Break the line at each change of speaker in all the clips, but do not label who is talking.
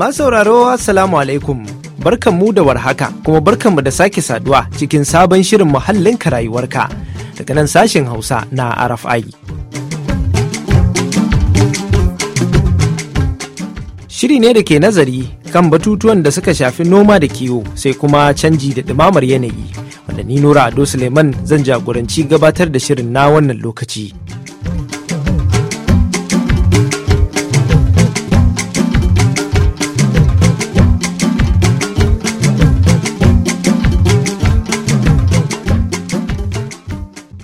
Masu sauraro Assalamu alaikum. Barkanmu da warhaka kuma barkanmu da sake saduwa cikin sabon shirin muhallin rayuwarka daga nan sashen Hausa na RFI. Shiri ne da ke nazari kan batutuwan da suka shafi noma da kiwo sai kuma canji da ɗumamar yanayi wanda ni Nura Ado Suleiman zan jagoranci gabatar da shirin na wannan lokaci.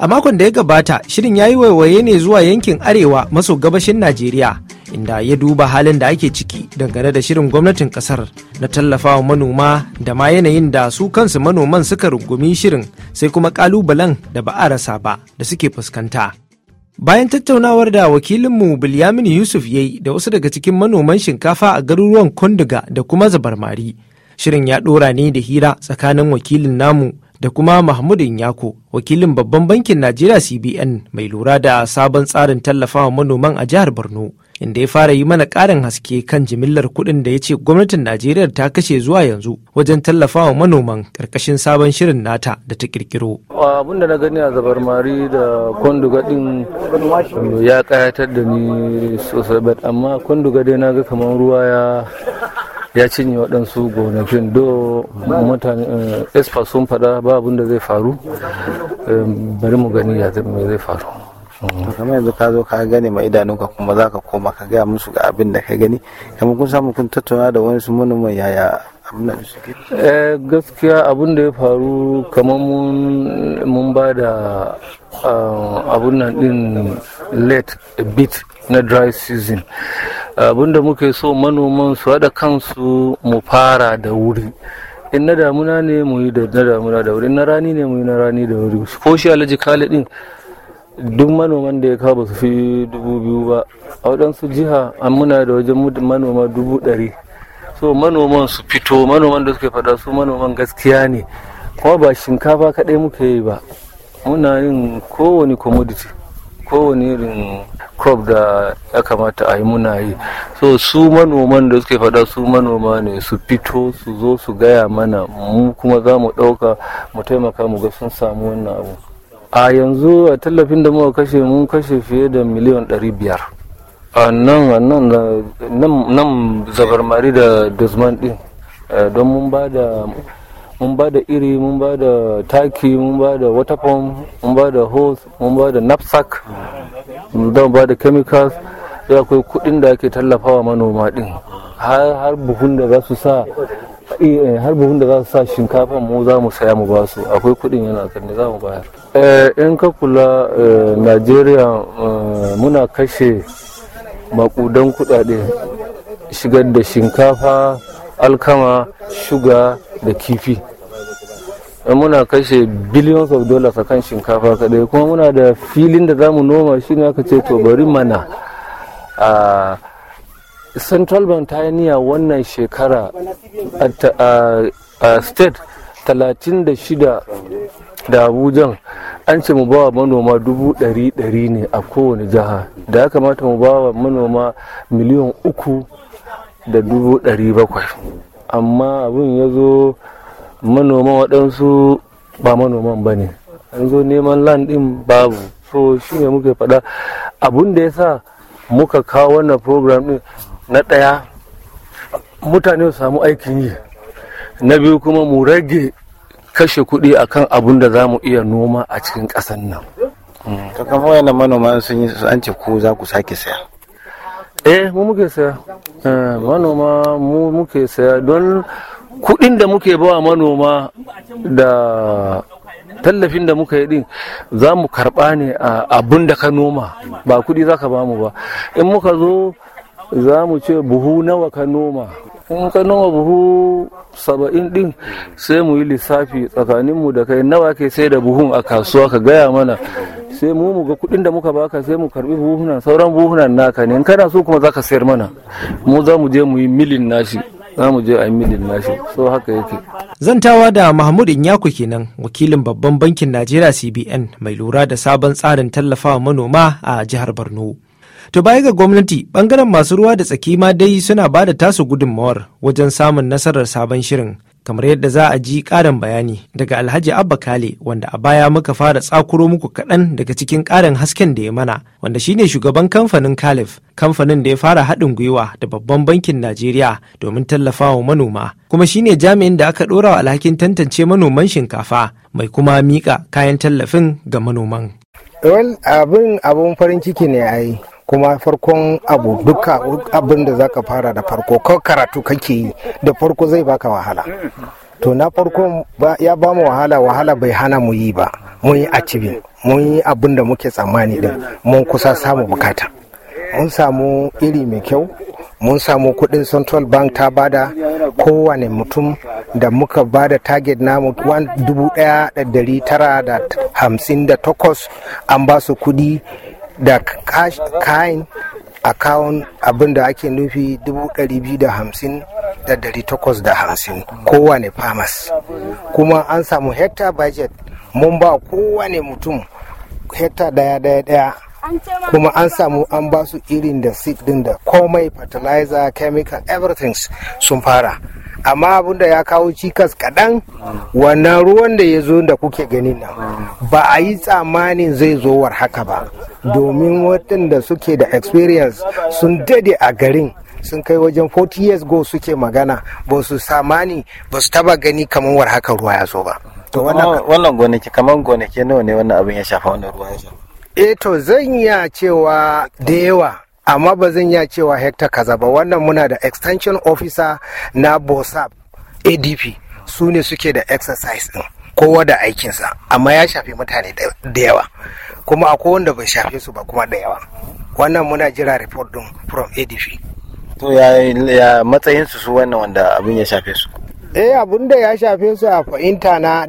A makon da ya gabata, shirin ya yi waiwaye ne zuwa yankin Arewa maso gabashin Najeriya, inda ya duba halin da ake ciki dangane da shirin gwamnatin kasar na tallafawa manoma da ma yanayin da su kansu manoman suka rungumi shirin sai kuma kalubalen da ba a rasa ba da suke fuskanta. Bayan tattaunawar da wakilinmu Bilyamin Yusuf ya yi da wasu daga cikin manoman shinkafa a garuruwan kunduga da kuma Zabarmari, shirin ya ɗora ne da hira tsakanin wakilin namu da kuma Mahmudin Yako, wakilin babban bankin Najeriya CBN mai lura da sabon tsarin tallafawa manoman a jihar Borno, inda ya fara yi mana ƙarin haske kan jimillar kuɗin da ya ce gwamnatin Najeriya ta kashe zuwa yanzu wajen tallafawa manoman karkashin sabon shirin nata da ta ƙirƙiro.
Abin da na gani a zabarmari da kwanduga ya ƙayatar da ni sosai, amma kwanduga na ga kamar ruwa ya ya cinye waɗansu gonakin do mutane espa eh, sun fada ba da zai faru bari mu gani ya zai zai faru kama yanzu ka zo ka gane ma idanunka kuma za ka koma
ka gaya musu ga abin da ka gani kamar kun samu kun tattauna da wani su manoman yaya
Eh,
gaskiya abin da ya faru kamar mun ba da eh, abun nan din late a bit na dry season abin da muke so manoman su haɗa kansu mu fara da wuri in na damuna ne mu yi da na damuna da wuri in na rani ne mu yi na rani da wuri ko shi alaji kale din duk manoman da ya kawo ba su fi dubu biyu ba a waɗansu jiha an muna da wajen manoma dubu ɗari so manoman su fito manoman da suke fada su manoman gaskiya ne kuma ba shinkafa kaɗai muka yi ba muna yin kowane commodity kowane irin crop da ya kamata a yi muna yi so su manoman da suke fada su manoma ne su fito su zo su gaya mana mu kuma za mu ɗauka mu taimaka mu ga sun samu wannan abu a yanzu a tallafin da muka kashe mun kashe fiye da miliyan 500 a nan nan nan zabarmari da dusman din eh, don mun ba da mun ba da iri mun ba da taki mun ba da water pump mun ba da hose mun ba da knapsack don ba da chemicals da akwai kudin da ake tallafawa manoma din har buhun da za su sa eh, eh, har buhun da za su sa shinkafa mu za mu saya mu ba su akwai kudin yana kan za mu bayar in ka kula najeriya muna kashe makudan kudade shigar da shinkafa alkama shuga da kifi muna kashe billions of dollars kan shinkafa kadai kuma muna da filin da zamu noma shi ne aka ce to bari mana a central bank ta niya wannan shekara a state 36 da abujan an ce mu ba wa manoma dubu ɗari ɗari ne a kowane jiha da ya kamata mu ba wa manoma miliyan uku da dubu ɗari bakwai amma abin ya zo manoma waɗansu ba manoman ba ne an zo neman land ɗin babu so shi ne muke faɗa abun da ya sa muka kawo wannan program ɗin na ɗaya mutane su samu aikin yi na biyu kuma mu rage kashe kuɗi akan abun da za mu iya noma a cikin ƙasar nan to kamar wayannan manoma sun yi an ce ko za ku sake saya eh mu muke saya eh, manoma mu muke saya don kuɗin da muke bawa manoma da tallafin da muka yi din za mu karɓa ne a abun da ka noma ba kuɗi za ka bamu ba in muka zo za mu ce buhu nawa ka noma in ka noma buhu saba'in din sai mu yi lissafi tsakaninmu da kai nawa ke sai da buhun a kasuwa ka gaya mana sai mu mu ga kuɗin da muka baka sai mu karbi buhunan sauran buhunan naka ne in kana so kuma zaka sayar mana mu za mu je mu yi milin nashi za mu je a yi milin nashi so haka yake
zantawa da mahmud inyaku kenan wakilin babban bankin najeriya cbn mai lura da sabon tsarin tallafawa manoma a jihar borno To baya ga gwamnati bangaren masu ruwa da tsaki ma dai suna ba da tasu gudunmawar wajen samun nasarar sabon shirin kamar yadda za a ji ƙarin bayani daga alhaji abba kale wanda a baya muka fara tsakuro muku kaɗan daga cikin ƙarin hasken da ya mana wanda shine shugaban kamfanin kalif kamfanin da ya fara haɗin gwiwa da babban bankin najeriya domin tallafawa manoma kuma shine jami'in da aka ɗora wa alhakin tantance manoman shinkafa mai kuma mika kayan tallafin ga
manoman. abin abun farin ciki ne a kuma farkon abu duka abin da zaka fara da farko ko karatu kake yi da farko zai baka wahala to na farko ya ba mu wahala wahala bai hana mu yi ba mun yi acibin mun yi abin da muke tsammani din mun kusa samu bukata mun samu iri mai kyau mun samu kudin central bank ta bada kowane mutum da muka bada target namu 1958 an ba su kudi da kayan a kawon abin da ake nufi 250,850 kowane farmers kuma an samu hectare budget mun ba kowane mutum hectare daya daya daya kuma an samu an ba su irin da seed din da komai fertilizer chemical everything sun fara amma abin da ya kawo cikas kaɗan wannan ruwan da ya zo da kuke gani nan ba a yi tsammanin zai zo war haka ba domin waɗanda suke da experience sun dade a garin sun kai wajen 40 years go suke magana ba su samani ba su taba gani kamar war haka ruwa ya zo ba. wannan gonaki kamar gonaki nawa ne wannan abin ya shafa wannan ruwa ya shafa Eto eh to zan ya cewa da yawa amma ba zan ya cewa hekta kaza ba wannan muna da extension officer na bosap adp su ne suke da exercise din kowa da aikinsa amma ya shafi mutane da yawa kuma akwai wanda bai shafe su ba kuma da yawa wannan muna jira report din from adp to ya matsayinsu su wannan wanda abin ya shafe su eh abun da ya shafe su a fahimta na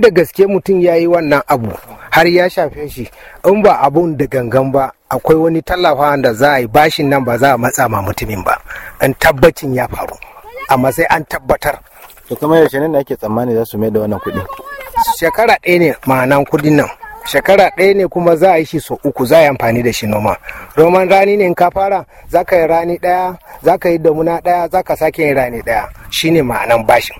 da gaske mutum ya yi wannan abu har ya shafe shi in ba abun da gangan ba akwai wani tallafa da za a yi bashin nan ba za a matsa ma mutumin ba in tabbacin ya faru amma sai an tabbatar to kamar yaushe ne ake tsammani za su mai da wannan kuɗi shekara ɗaya ne ma'anan kuɗin nan shekara ɗaya ne kuma za a yi shi so uku za a yi amfani da shi noma roman rani ne in ka fara za ka yi rani ɗaya za ka yi damuna ɗaya za ka sake yin rani ɗaya Shi ne ma'anan bashin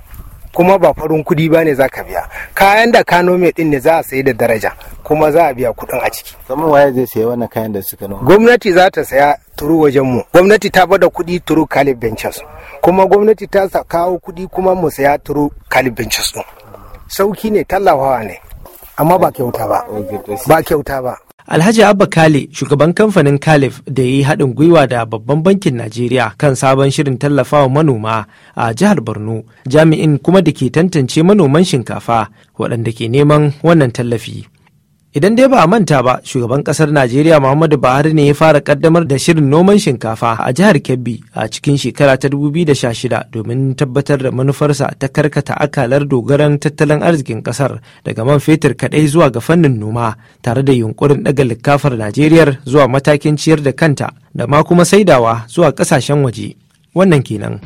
kuma ba farin kuɗi ba ne za ka biya kayan da ka nome ɗin ne za a sayi da daraja kuma za a biya kuɗin a ciki kamar waye zai sayi wannan kayan da suka noma gwamnati za ta saya turu wajen mu gwamnati ta bada kuɗi turu kalib benches kuma gwamnati ta kawo kuɗi kuma mu saya turu kalib benches ɗin sauki ne tallafawa ne amma ba kyauta ba oh, ba kyauta ba
Alhaji Abba Kale, shugaban kamfanin Kalif da ya yi haɗin gwiwa da babban bankin Najeriya kan sabon shirin tallafawa manoma a jihar Borno, jami'in kuma da ke tantance manoman shinkafa waɗanda ke neman wannan tallafi. Idan dai ba a manta ba, shugaban kasar Najeriya Muhammadu Buhari ne ya fara kaddamar da shirin noman shinkafa a jihar Kebbi a cikin shekara ta 2016 domin tabbatar da manufarsa ta karkata akalar dogaran tattalin arzikin kasar daga man fetur kadai zuwa ga fannin noma tare da yunkurin daga likafar Najeriya zuwa matakin ciyar da kanta da ma kuma saidawa zuwa kasashen waje. Wannan kenan.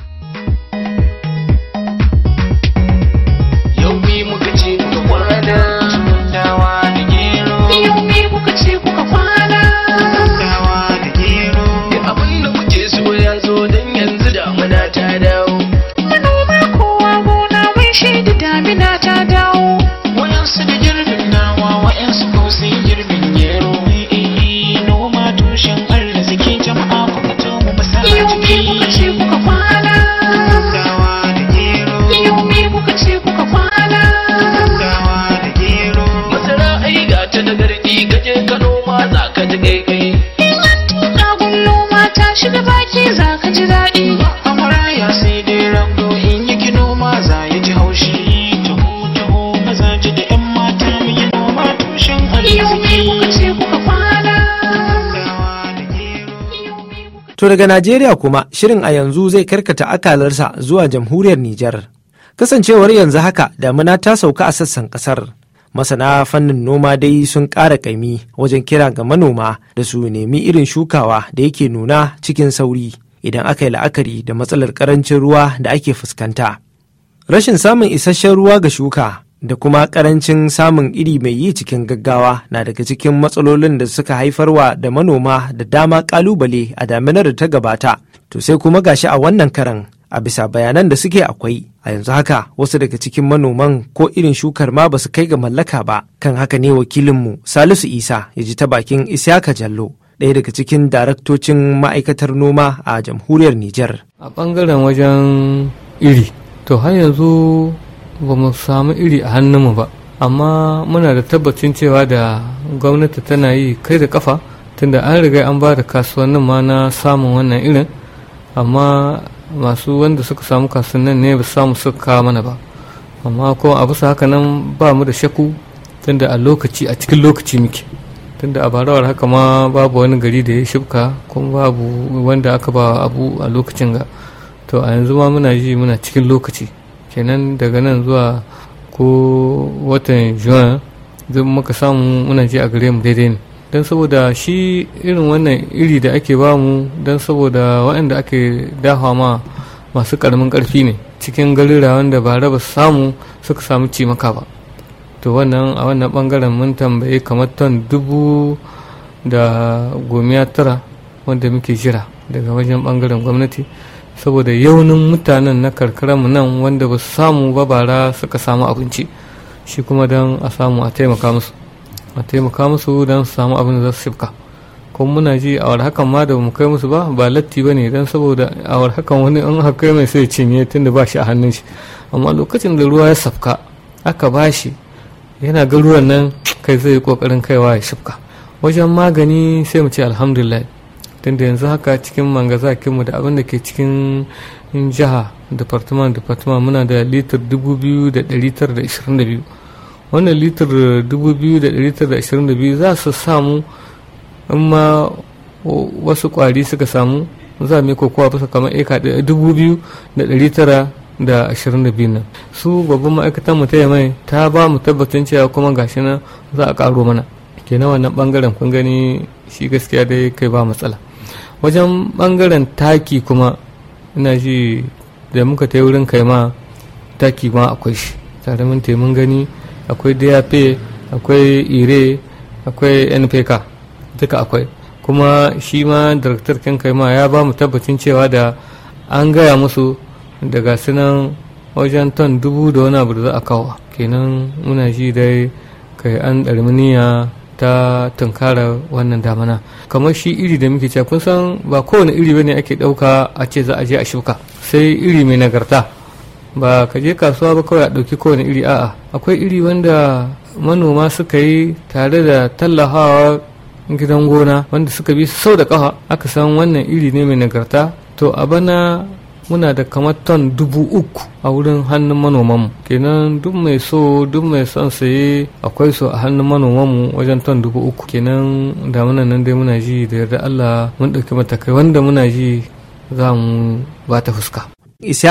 su kaikai in an tuka gullo mata shiga
baki za ka ji daɗi amaraya sai dai rango in yi ki noma za ya ji
haushi taho
taho maza ji da yan mata mu yi
noma tushen arziki
kuka ce kuka
To daga Najeriya kuma shirin a yanzu zai karkata akalarsa zuwa jamhuriyar Nijar. Kasancewar yanzu haka damina ta sauka a sassan ƙasar. masana fannin noma dai sun ƙara ƙaimi wajen kira ga manoma da su nemi irin shukawa da yake nuna cikin sauri idan aka yi la'akari da matsalar ƙarancin ruwa da ake fuskanta rashin samun isasshen ruwa ga shuka da kuma ƙarancin samun iri mai yi cikin gaggawa na daga cikin matsalolin da suka haifarwa da manoma da dama ƙalubale a daminar da ta gabata to sai kuma gashi a wannan karan a bisa bayanan da suke akwai a yanzu haka wasu daga cikin manoman ko irin shukar ma basu kai ga mallaka ba kan haka ne wakilinmu salisu isa ya ji ta bakin isyaka jallo ɗaya daga cikin daraktocin ma'aikatar noma a jamhuriyar nijar
a ɓangaren wajen iri to har yanzu ba mu samu iri a hannunmu ba amma muna da tabbacin cewa da gwamnati tana yi kai da kafa tunda an riga an ba da kasuwannin ma na samun wannan irin amma masu wanda suka samu kasannin ne ba samu suka kawo mana ba amma ko a bisa haka nan ba mu da shaku tunda a lokaci a cikin lokaci muke tunda a barawar haka ma babu wani gari da ya shibka kuma babu wanda aka ba abu a lokacin ga to a yanzu ma muna ji muna cikin lokaci kenan daga nan zuwa ko watan juan zai muka samu muna ji a gare mu daidai ne don saboda shi irin wannan iri da ake bamu don saboda waɗanda ake dahawa ma masu ƙaramin ƙarfi ne cikin garura wanda ba raba samu suka samu cimaka ba to wannan a wannan ɓangaren mun tambaye kamar ton dubu da gomiya tara wanda muke jira daga wajen ɓangaren gwamnati saboda yaunin mutanen na karkararmu nan wanda ba su samu ba bara suka samu abinci shi kuma don a samu a taimaka musu a taimaka musu don su samu abin da za su shifka kuma muna ji a war hakan ma da mu kai musu ba ba latti ba ne don saboda a war hakan wani an haka mai sai cinye tun da ba shi a hannun shi amma lokacin da ruwa ya safka aka ba shi yana ga ruwan nan kai zai yi kokarin kaiwa ya shifka wajen magani sai mu ce alhamdulillah da yanzu haka cikin mu da abin da ke cikin jiha department department muna da litir biyu. wannan litar 2,922 za su samu in wasu kwari suka samu za mu yi kokowa fasa kamar eka 2,922 da su babban ma'aikatan mu ta mai ta ba mu tabbacin cewa kuma gashi nan za a karo mana kenan wannan bangaren kun gani shi gaskiya dai kai ba matsala wajen bangaren taki kuma ina ji da muka ta wurin kai ma taki ma akwai shi tare mun gani akwai dap akwai ire akwai npk duka akwai kuma shi ma daraktar kai ma ya ba mu tabbacin cewa da an gaya musu daga sunan wajen ton dubu da wani abu da za a kawo kenan muna ji dai kai an ɗarminiya ta tunkara wannan damana kamar shi iri da muke cewa kun san ba kowane iri bane ake ɗauka a ce za a je a shuka sai iri mai nagarta ba ka je kasuwa ba kawai a ɗauki kowane iri a'a akwai iri wanda manoma suka yi tare da tallafawa gidan gona wanda suka bi sau da ƙafa aka san wannan iri ne mai nagarta to a bana muna da kamar ton dubu uku a wurin hannun manomanmu kenan duk mai so duk mai son saye akwai so a hannun manomanmu wajen ton dubu uku kenan muna nan dai muna ji da yarda Allah mun ɗauki matakai wanda muna ji za mu
ba ta fuska.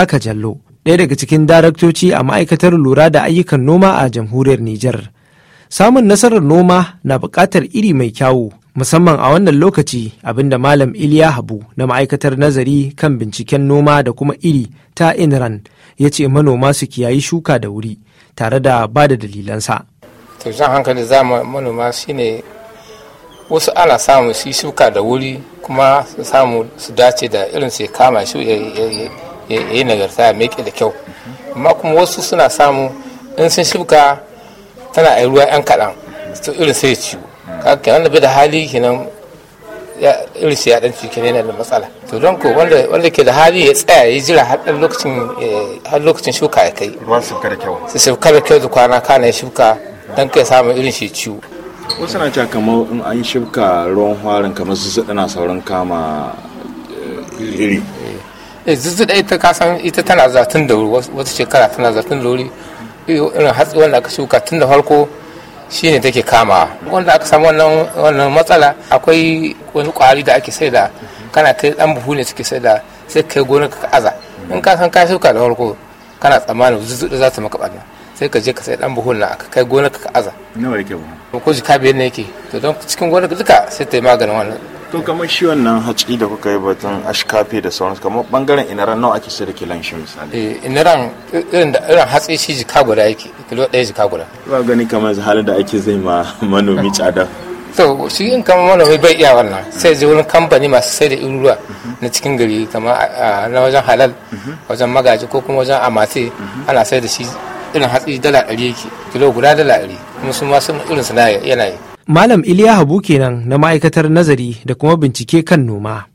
ka Jallo ɗaya daga cikin daraktoci a ma'aikatar lura da ayyukan noma a jamhuriyar Nijar. Samun nasarar noma na buƙatar iri mai kyawu musamman a wannan lokaci abinda Malam Iliya Habu na ma'aikatar nazari kan binciken noma da kuma iri ta Inran ya ce manoma su kiyayi shuka da wuri tare da ba da dalilansa.
To jan hankali za manoma shine wasu ana samu su shuka da wuri kuma su samu su dace da irin su kama shi ya eh, yi eh, nagarta ya meke da kyau amma kuma wasu suna samu in sun shibka tana a ruwa yan kaɗan su irin sai ciwo kaga kenan da da hali kenan irin shi ya dan ciki ne da matsala to don ko wanda wanda ke da hali ya tsaya ya jira har dan lokacin eh, har lokacin shuka ya kai ruwan shibka da kyau su shibka da kyau da kwana kana shibka dan kai samu irin shi ciwo wasu na cewa kamar in an shibka ruwan hwarin kamar su na sauran kama iri Eh, zuzzuɗa ita kasan ita tana zatun da wuri wata shekara tana zatun da wuri irin hatsi wanda aka shuka tun da farko shine take kama wanda aka samu wannan matsala akwai wani kwari da ake sai da kana kai dan buhu ne suke sai da sai kai gonar ka aza in ka san ka shuka da farko kana tsammanin da za ta maka ɓarna sai ka je ka sai dan buhu na aka kai gonar ka aza nawa yake buhu ko shi kabe ne yake to don cikin gonar duka sai ta yi maganin wannan
to kamar shi wannan haci e da kuka yi batun ashkafe
da sauransu kamar bangaren inaran nawa ake sai da kilan shi misali eh inaran irin da irin hatsi shi jika guda yake kilo ɗaya jika guda ba gani kamar halin da ake zai ma manomi tsada to shi in kamar manomi bai iya wannan mm-hmm. sai je wurin kamfani masu sai da iruruwa mm-hmm. na cikin gari kama ah, na wajen halal mm-hmm. wajen magaji ko kuma wajen amate ana sai da shi irin hatsi dala ɗari yake kilo guda dala ɗari kuma su ma irin sana'a yana yi
Malam Iliya Habu kenan na ma'aikatar nazari da kuma bincike kan noma.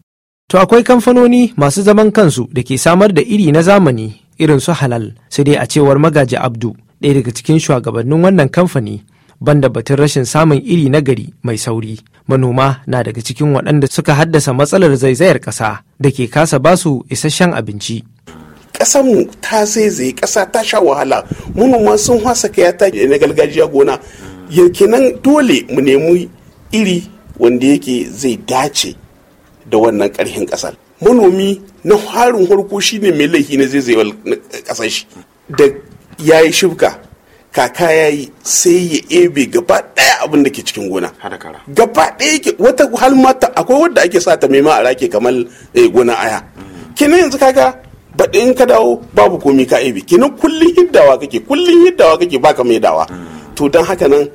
To akwai kamfanoni masu zaman kansu da ke samar da iri na zamani irin su halal sai dai a cewar magaji Abdu ɗaya daga cikin shugabannin wannan kamfani banda batun rashin samun iri na gari mai sauri. Manoma na daga cikin waɗanda suka haddasa matsalar zaizayar ƙasa da ke kasa basu isasshen abinci.
Ƙasanmu ta zaizaye ƙasa ta sha wahala manoma sun hasa kaya ta na gargajiya gona kenan dole mu nemi iri wanda yake zai dace da wannan karhin ƙasar manomi na harin harko shine mai laifi na zai zaiwa ƙasar da ya yi shibka kaka ya yi sai ya ebe gaba ɗaya abin da ke cikin gona gaba ɗaya ke wata halmata akwai wadda ake sata ta maima a kamar eh, gona aya mm. kenan yanzu kaga baɗin ka dawo babu komi ka ebe kenan kullum hiddawa kake kullum hiddawa kake baka mai dawa mm. to don haka nan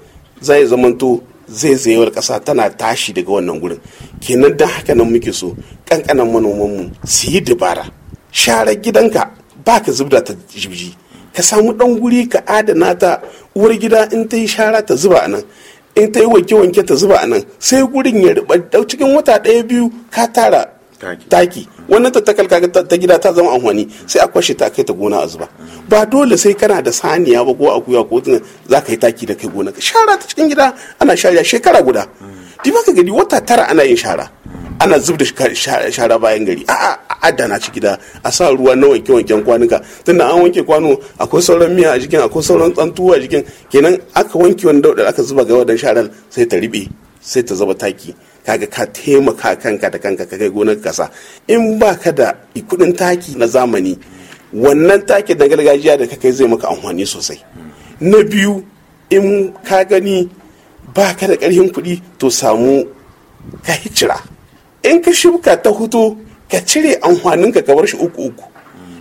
zai zamanto zaizayewar ƙasa tana tashi daga wannan gurin kenan don haka nan muke so ƙanƙanan manomanmu su yi dabara share gidanka ba ka zubda ta jibji ka samu ɗan guri ka adana ta uwar gida in ta yi shara ta zuba anan in ta yi wanke-wanke ta zuba a nan sai gurin ya dau cikin wata ɗaya biyu ka tara taki wannan tattakal kaga ta gida ta zama amfani sai a kwashe ta kai ta gona a zuba ba dole sai kana da saniya ba ko akuya ko tun za ka yi taki da kai gona shara ta cikin gida ana shara shekara guda di ka gani wata tara ana yin shara ana zub da shara bayan gari a a adana ci gida a sa ruwa na wanke wanken kwanuka tunda an wanke kwano akwai sauran miya a jikin akwai sauran tsantuwa a jikin kenan aka wanke wani da aka zuba ga wadan sharan sai ta riɓe sai ta zama taki kaga ka taimaka kanka da kanka ka kai gonar kasa in ba ka da kudin taki na zamani wannan taki na gargajiya da ka kai zai maka amfani sosai na biyu in ka gani ba ka da karfin kuɗi to samu ka hicira in ka shuka ta huto ka cire amfanin ka bar shi uku uku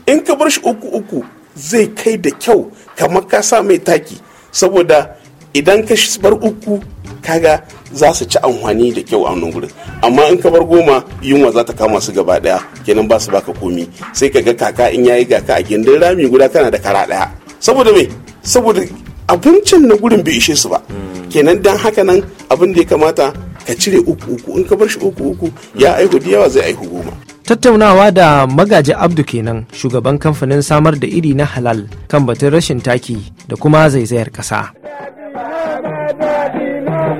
in ka bar shi uku uku zai kai da kyau kamar ka sa mai taki saboda idan ka bar uku kaga za su ci amfani da kyau a wannan gurin amma in ka bar goma yunwa za ta kama su gaba daya kenan ba su baka komi sai ka ga kaka in yayi gaka a gindin rami guda kana da kara daya saboda me saboda abincin na gurin bai ishe su ba kenan dan haka nan abin da ya kamata ka cire uku uku in ka bar shi uku uku ya aihu da yawa zai aihu goma tattaunawa
da magaji abdu kenan shugaban kamfanin samar da iri na halal kan batun rashin taki da kuma zaizayar kasa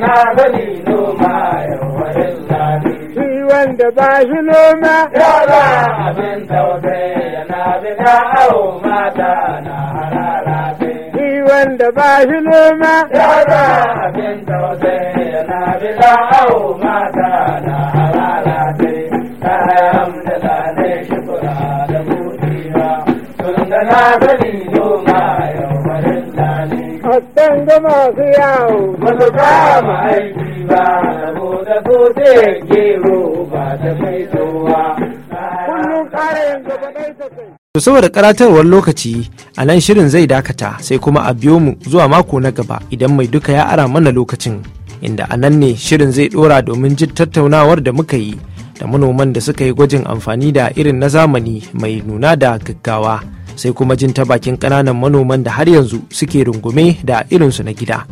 na sani noma yawa illa ni. Shi wanda ba shi noma. Yawa
abin tausayi yana bi na au mata na
harara Shi wanda ba shi noma. Yawa
abin tausayi yana
bi na au mata na harara Ta hamdala ne shukura da godiya. Tun da na sani Kwastan ga masu yawo ba su kama aiki ba,
To saboda karatarwar lokaci a nan shirin zai dakata sai kuma a biyo mu zuwa mako na gaba idan mai duka ya ara mana lokacin inda a nan ne shirin zai dora domin jin tattaunawar da muka yi da manoman da suka yi gwajin amfani da irin na zamani mai nuna da gaggawa. sai kuma jin ta bakin kananan manoman da har yanzu suke rungume da irinsu na gida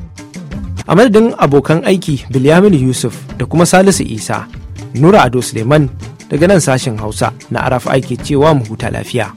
a madadin abokan aiki bilyamin yusuf da kuma salisu isa nura ado suleiman daga nan sashen hausa na arafa ake cewa mu huta lafiya.